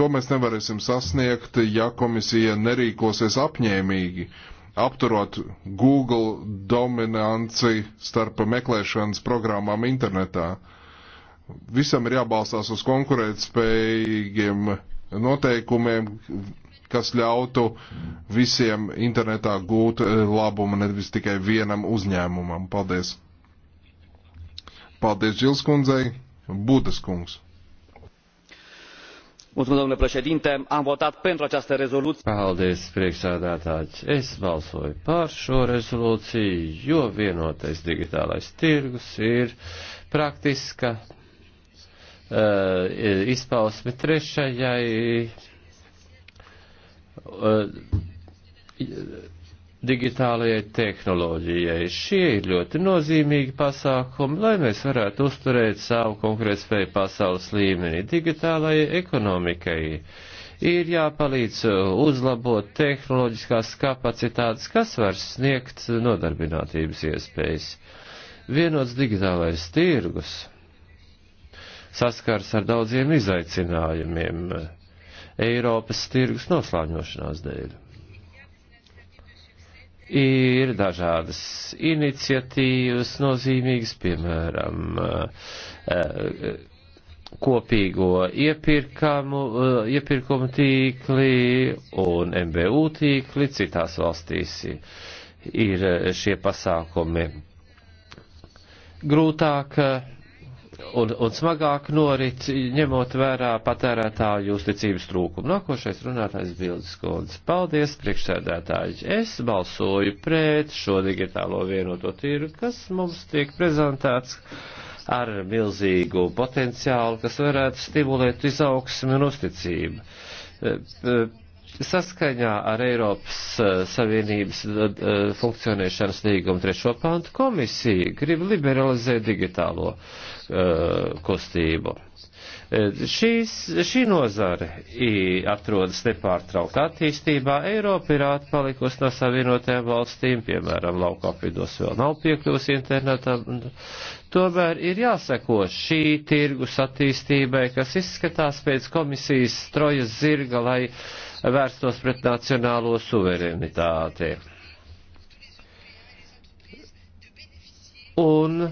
[SPEAKER 1] To mēs nevarēsim sasniegt, ja komisija nerīkosies apņēmīgi, apturot Google dominanci starp meklēšanas programmām internetā. Visam ir jābalstās uz konkurētspējīgiem noteikumiem, kas ļautu visiem internetā gūt e, labumu, nevis tikai vienam uzņēmumam. Paldies! Paldies Gilskundzei, Budas kungs!
[SPEAKER 2] domnule președinte am votat pentru această rezoluție.
[SPEAKER 1] paldies
[SPEAKER 2] priekšsēdētāj es balsoju par šo rezolūciju jo vienotais digitālais tirgus ir praktiska uh, izpausme trešajai Uh, digitālajai tehnoloģijai. Šie ir ļoti nozīmīgi pasākumi, lai mēs varētu uzturēt savu konkurētspēju pasaules līmenī. Digitālajai ekonomikai ir jāpalīdz uzlabot tehnoloģiskās kapacitātes, kas var sniegt nodarbinātības iespējas. Vienots digitālais tirgus saskars ar daudziem izaicinājumiem Eiropas tirgus noslāņošanās dēļ. Ir dažādas iniciatīvas nozīmīgas, piemēram, eh, kopīgo iepirkamu, eh, iepirkumu tīkli un MBU tīkli. Citās valstīs ir eh, šie pasākumi grūtāk un, un smagāk norit, ņemot vērā patērētāju uzticības trūkumu. Nākošais runātājs Bildes Koldes. Paldies, priekšsēdētāji. Es balsoju pret šo digitālo vienoto tīru, kas mums tiek prezentēts ar milzīgu potenciālu, kas varētu stimulēt izaugsmi un uzticību. Eh, eh, Saskaņā ar Eiropas eh, Savienības eh, eh, funkcionēšanas līgumu trešo pantu komisija grib liberalizēt digitālo uh, kustību. Šīs, šī nozare atrodas nepārtrauktā attīstībā. Eiropa ir atpalikusi no savienotajām valstīm, piemēram, laukapvidos vēl nav piekļuvusi internetam. Tomēr ir jāseko šī tirgus attīstībai, kas izskatās pēc komisijas trojas zirga, lai uh, vērstos pret nacionālo suverenitāti. Un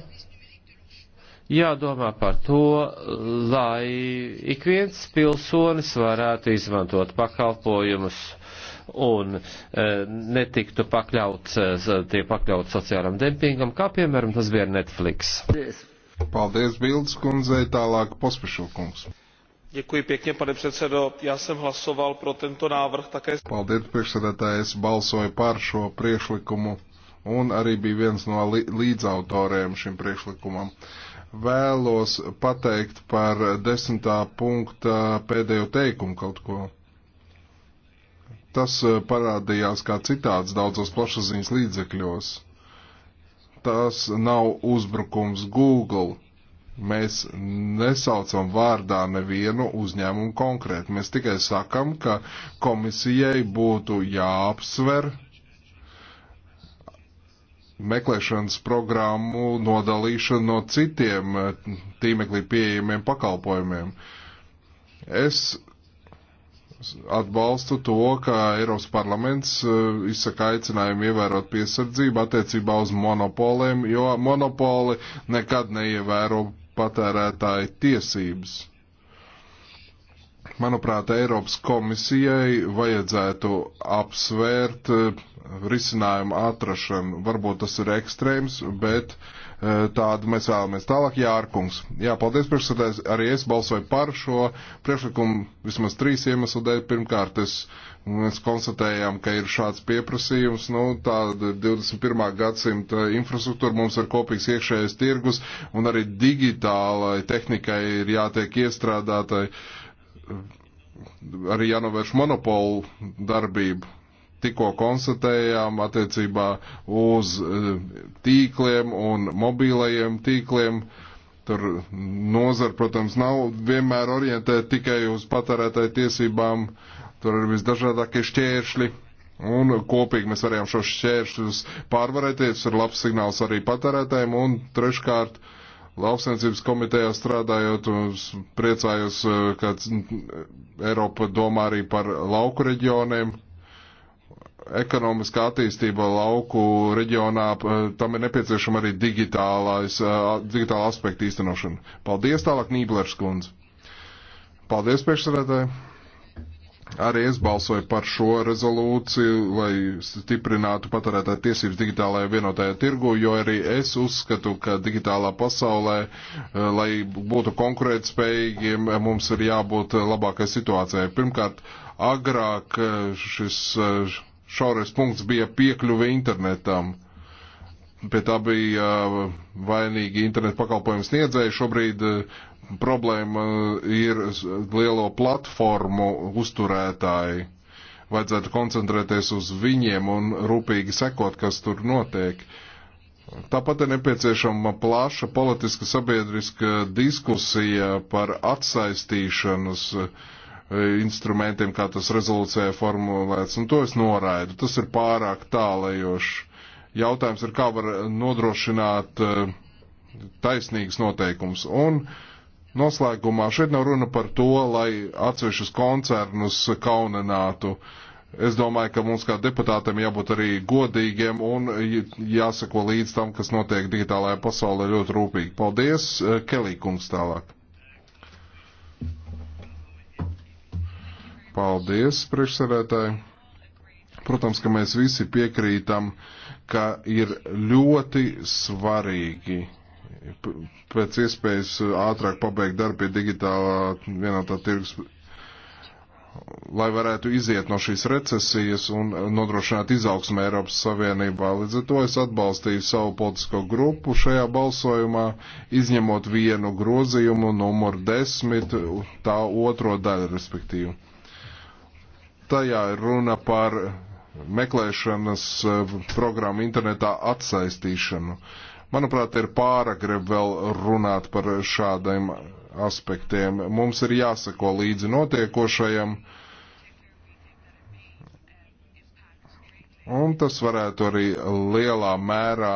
[SPEAKER 2] jādomā par to, lai ik viens pilsonis varētu izmantot pakalpojumus un e, netiktu pakļauts, e, tie pakļauts sociālam dempingam, kā
[SPEAKER 1] piemēram tas bija Netflix. Paldies, Bildes kundzei, tālāk pospešulkungs
[SPEAKER 2] pane předsedající já jsem hlasoval pro tento návrh také.
[SPEAKER 1] paldies priekšsēdētāj es balsoju par šo priekšlikumu un arī biju viens no līdzautoriem šim priekšlikumam. Vēlos pateikt par desmitā punkta pēdējo teikumu kaut ko. Tas eh, parādījās kā citāds daudzos plašsaziņas līdzekļos. Tas nav uzbrukums Google Mēs nesaucam vārdā nevienu uzņēmumu konkrēti. Mēs tikai sakam, ka komisijai būtu jāapsver meklēšanas programmu nodalīšanu no citiem eh, tīmeklī pieejamiem pakalpojumiem. Es atbalstu to, ka Eiropas parlaments eh, izsaka aicinājumu ievērot piesardzību attiecībā uz monopoliem, jo monopoli nekad neievēro patērētāju tiesības. Manuprāt, Eiropas komisijai vajadzētu apsvērt eh, risinājumu atrašanu. Varbūt tas ir ekstrēms, bet eh, tādu mēs vēlamies. Tālāk Jārkungs. Jā, paldies priekšsēdētājs. Arī es balsoju par šo priekšlikumu vismaz trīs iemeslu dēļ. Pirmkārt, es uh, mēs konstatējām, ka ir šāds pieprasījums, nu, tāda 21. gadsimta infrastruktūra mums ir kopīgs iekšējais tirgus, un arī digitālai tehnikai ir jātiek iestrādātai, arī jānovērš monopolu darbību. Tikko konstatējām attiecībā uz eh, tīkliem un mobīlajiem tīkliem. Tur nozara, protams, nav vienmēr orientēta tikai uz patērētāju tiesībām Tur ir visdažādākie šķēršļi. Un kopīgi mēs varējām šos šķēršļus pārvarēties, ir labs signāls arī patērētājiem. Un treškārt, lauksainicības komitejā strādājot, priecājos, eh, ka mm, Eiropa domā arī par lauku reģioniem. Ekonomiskā attīstība lauku reģionā, eh, tam ir nepieciešama arī digitālais, eh, digitāla aspekta īstenošana. Paldies tālāk, Nīblers kundze. Paldies, priekšsarētāji. Arī es balsoju par šo rezolūciju, lai stiprinātu patērētāju tiesības digitālajā vienotajā tirgu, jo arī es uzskatu, ka digitālā pasaulē, eh, lai būtu konkurētspējīgiem, eh, mums ir jābūt eh, labākai situācijai. Pirmkārt, agrāk šis šaurais punkts bija piekļuve internetam. Uh, pie tā bija uh, vainīgi internetu pakalpojumu sniedzēji. Šobrīd uh, problēma uh, ir lielo platformu uzturētāji. Vajadzētu koncentrēties uz viņiem un rūpīgi sekot, kas tur notiek. Tāpat ir nepieciešama plaša politiska sabiedriska diskusija par atsaistīšanas instrumentiem, kā tas rezolūcijā formulēts, un to es noraidu. Tas ir pārāk tālajoši Jautājums ir, kā var nodrošināt eh, taisnīgas noteikums. Un noslēgumā šeit nav runa par to, lai atsevišķus koncernus kaunenātu. Es domāju, ka mums kā deputātiem jābūt arī godīgiem un jāsako līdz tam, kas notiek digitālajā pasaulē ļoti rūpīgi. Paldies, eh, Kelī kungs tālāk. Paldies, priekšsēdētāji. Protams, ka mēs visi piekrītam, ka ir ļoti svarīgi pēc iespējas ātrāk pabeigt darbu pie digitālā vienotā tirgus, lai varētu iziet no šīs recesijas un nodrošināt izaugsmu Eiropas Savienībā. Līdz ar to es atbalstīju savu politisko grupu šajā balsojumā, izņemot vienu grozījumu numuru desmit, tā otro daļu respektīvi. Tajā ir runa par meklēšanas eh, programmu internetā atsaistīšanu. Manuprāt, ir pāragri vēl runāt par šādiem aspektiem. Mums ir jāsako līdzi notiekošajam. Un tas varētu arī lielā mērā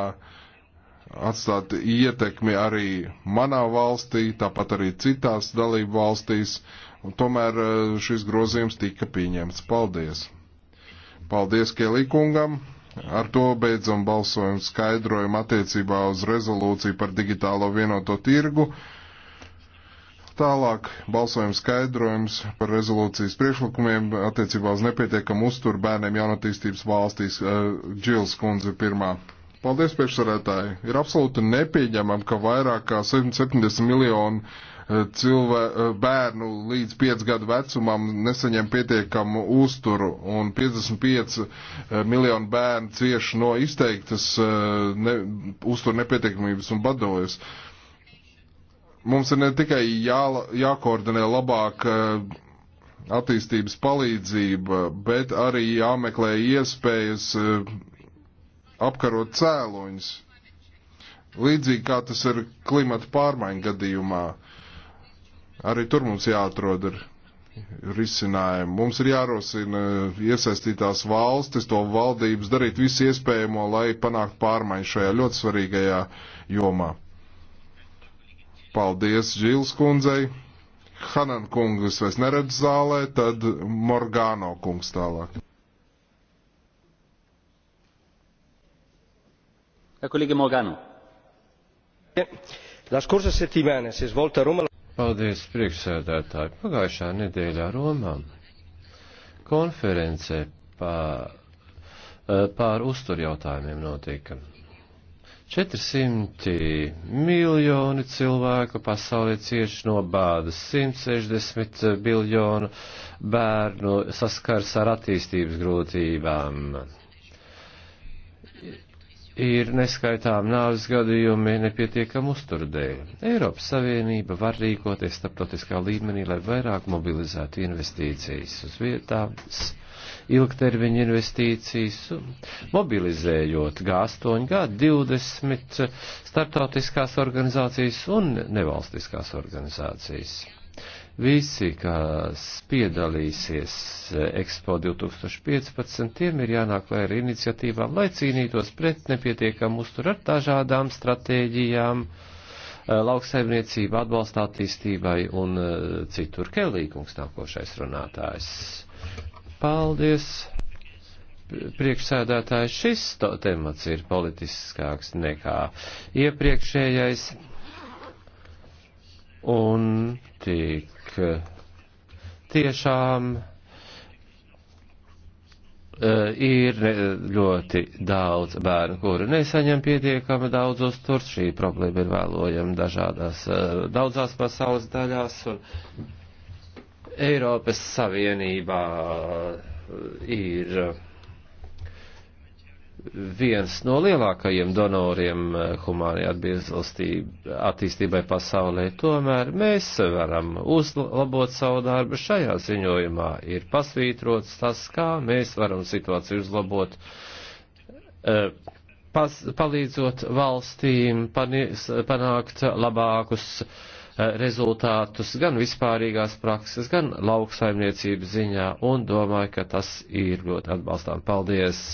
[SPEAKER 1] atstāt ietekmi arī manā valstī, tāpat arī citās dalību valstīs. Un tomēr eh, šis grozījums tika pieņemts. Paldies! Paldies Kelīkungam. Ar to beidzam balsojumu skaidrojumu attiecībā uz rezolūciju par digitālo vienoto tirgu. Tālāk balsojums skaidrojums par rezolūcijas priekšlikumiem attiecībā uz nepietiekamu uzturu bērniem jaunatīstības valstīs. Eh, Džils uh, kundze pirmā. Paldies, priekšsarētāji. Ir absolūti nepieņemam, ka vairāk kā 770 miljonu Eh, cilvē, eh, bērnu līdz 5 gadu vecumam nesaņem pietiekamu uzturu, un 55 eh, miljonu bērnu cieši no izteiktas ne, uzturu nepietiekamības un badojas. Mums ir ne tikai jā, jākoordinē labāk attīstības palīdzība, bet arī jāmeklē iespējas apkarot cēloņus. Līdzīgi kā tas ir klimata pārmaiņu gadījumā, uh, Arī tur mums jāatrod ir risinājumu. Mums ir jārosina iesaistītās valstis, to valdības darīt visu iespējamo, lai panāktu pārmaiņu šajā ļoti svarīgajā jomā. Paldies Žīles kundzei. Hanan kungus vairs neredz zālē, tad Morgāno kungs tālāk.
[SPEAKER 2] Kolēģi Morgāno. Las scorse settimane si è svolta a Roma Paldies, priekšsēdētāji. Pagājušā nedēļā Romā konference pār, eh, pār uzturjautājumiem notika. 400 miljoni cilvēku pasaulē cieši no bādas, 160 biljonu bērnu saskars ar attīstības grūtībām ir neskaitām nāves gadījumi nepietiekam uzturdēļ. Eiropas Savienība var rīkoties starptautiskā līmenī, lai vairāk mobilizētu investīcijas uz vietām, ilgtermiņa investīcijas, mobilizējot G8, G20 starptautiskās organizācijas un nevalstiskās organizācijas. Visi, kas piedalīsies eh, Expo 2015, tiem ir jānāk lai ar iniciatīvām, lai cīnītos pret nepietiekamu uzturu ar dažādām stratēģijām, eh, lauksaimniecību atbalstā attīstībai un eh, citur. Kelīkungs nākošais runātājs. Paldies! priekšsēdētāji šis temats ir politiskāks nekā iepriekšējais un tik tiešām e, ir ļoti daudz bērnu, kuri nesaņem pietiekami daudz uzturs. Šī problēma ir vēlojama dažādās, e, daudzās pasaules daļās un Eiropas Savienībā e, ir viens no lielākajiem donoriem eh, humānajai attīstībai pasaulē. Tomēr mēs varam uzlabot savu darbu. Šajā ziņojumā ir pasvītrots tas, kā mēs varam situāciju uzlabot, eh, pas, palīdzot valstīm panis, panākt labākus eh, rezultātus gan vispārīgās prakses, gan lauksaimniecības ziņā, un domāju, ka tas ir ļoti atbalstām. Paldies!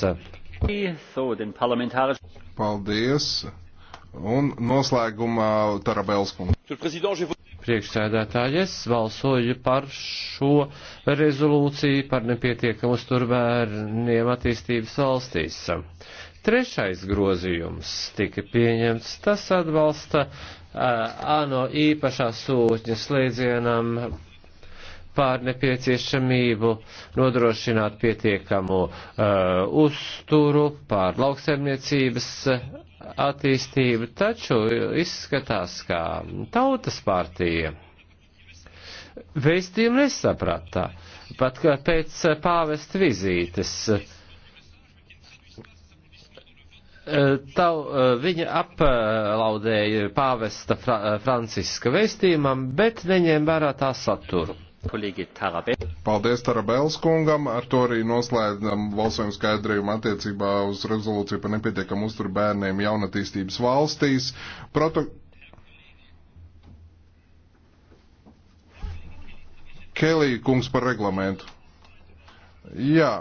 [SPEAKER 1] Paldies! Un noslēgumā Tarabels kungs.
[SPEAKER 2] Priekšsēdētāji, es balsoju par šo rezolūciju par nepietiekamu uzturbērniem attīstības valstīs. Trešais grozījums tika pieņemts, tas atbalsta uh, ANO īpašā sūtņa slēdzienam par nepieciešamību nodrošināt pietiekamu uh, uzturu, par lauksaimniecības uh, attīstību, taču izskatās, ka tautas partija vēstījumu nesaprata, pat pēc uh, pāvest vizītes. Uh, Tau, uh, viņa aplaudēja pāvesta Fra, Franciska vēstījumam, bet neņēma vērā tā saturu. Paldies
[SPEAKER 1] Tarabēls kungam. Ar to arī noslēdzam balsojumu skaidrījumu attiecībā uz rezolūciju par nepietiekamu uzturu bērniem jaunatīstības valstīs. Proto... Kelī kungs par reglamentu. Jā,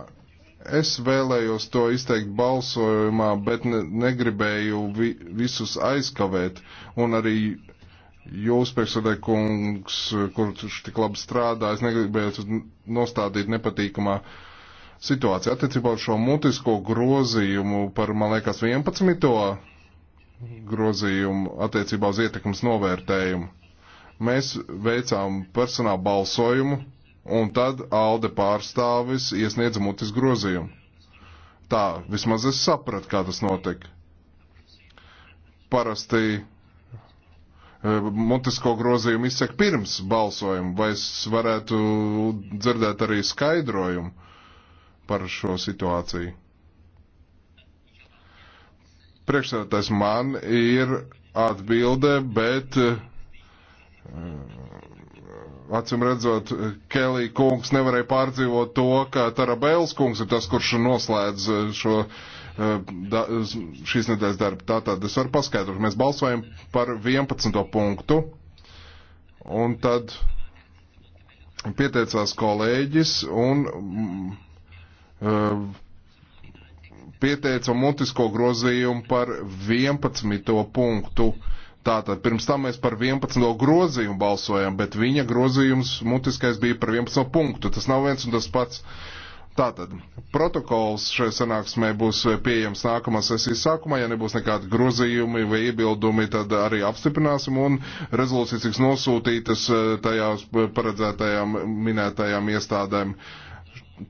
[SPEAKER 1] es vēlējos to izteikt balsojumā, bet ne, negribēju vi, visus aizkavēt un arī Jūs, priekšsēdētāj, kungs, kurš tik labi strādā, es negribētu nostādīt nepatīkamā situācija attiecībā uz šo mutisko grozījumu par, man liekas, 11. grozījumu attiecībā uz ietekmes novērtējumu. Mēs veicām personālu balsojumu, un tad ALDE pārstāvis iesniedza mutisku grozījumu. Tā, vismaz es sapratu, kā tas notika. Parasti Eh, mutisko grozījumu izsaka pirms balsojuma, vai es varētu dzirdēt arī skaidrojumu par šo situāciju. Priekšsēdētājs man ir atbilde, bet eh, acim redzot, Kelī kungs nevarēja pārdzīvot to, ka Tarabēls kungs ir tas, kurš noslēdz eh, šo uh, Eh, da, šīs nedēļas darbu. Tātad es varu paskaidrot, mēs balsojam par 11. punktu, un tad pieteicās kolēģis un mm, eh, pieteica mutisko grozījumu par 11. punktu. Tātad pirms tam mēs par 11. grozījumu balsojam, bet viņa grozījums mutiskais bija par 11. punktu. Tas nav viens un tas pats. Uh, Tātad protokols šai sanāksmē būs pieejams nākamā sesijas sākumā. Ja nebūs nekādi grozījumi vai iebildumi, tad arī apstiprināsim un rezolūcijas tiks nosūtītas eh, tajās paredzētajām minētajām iestādēm.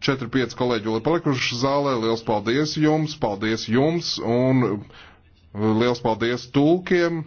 [SPEAKER 1] 4-5 kolēģi vēl ir palikuši zālē. Liels paldies jums, paldies jums un eh, liels paldies tulkiem.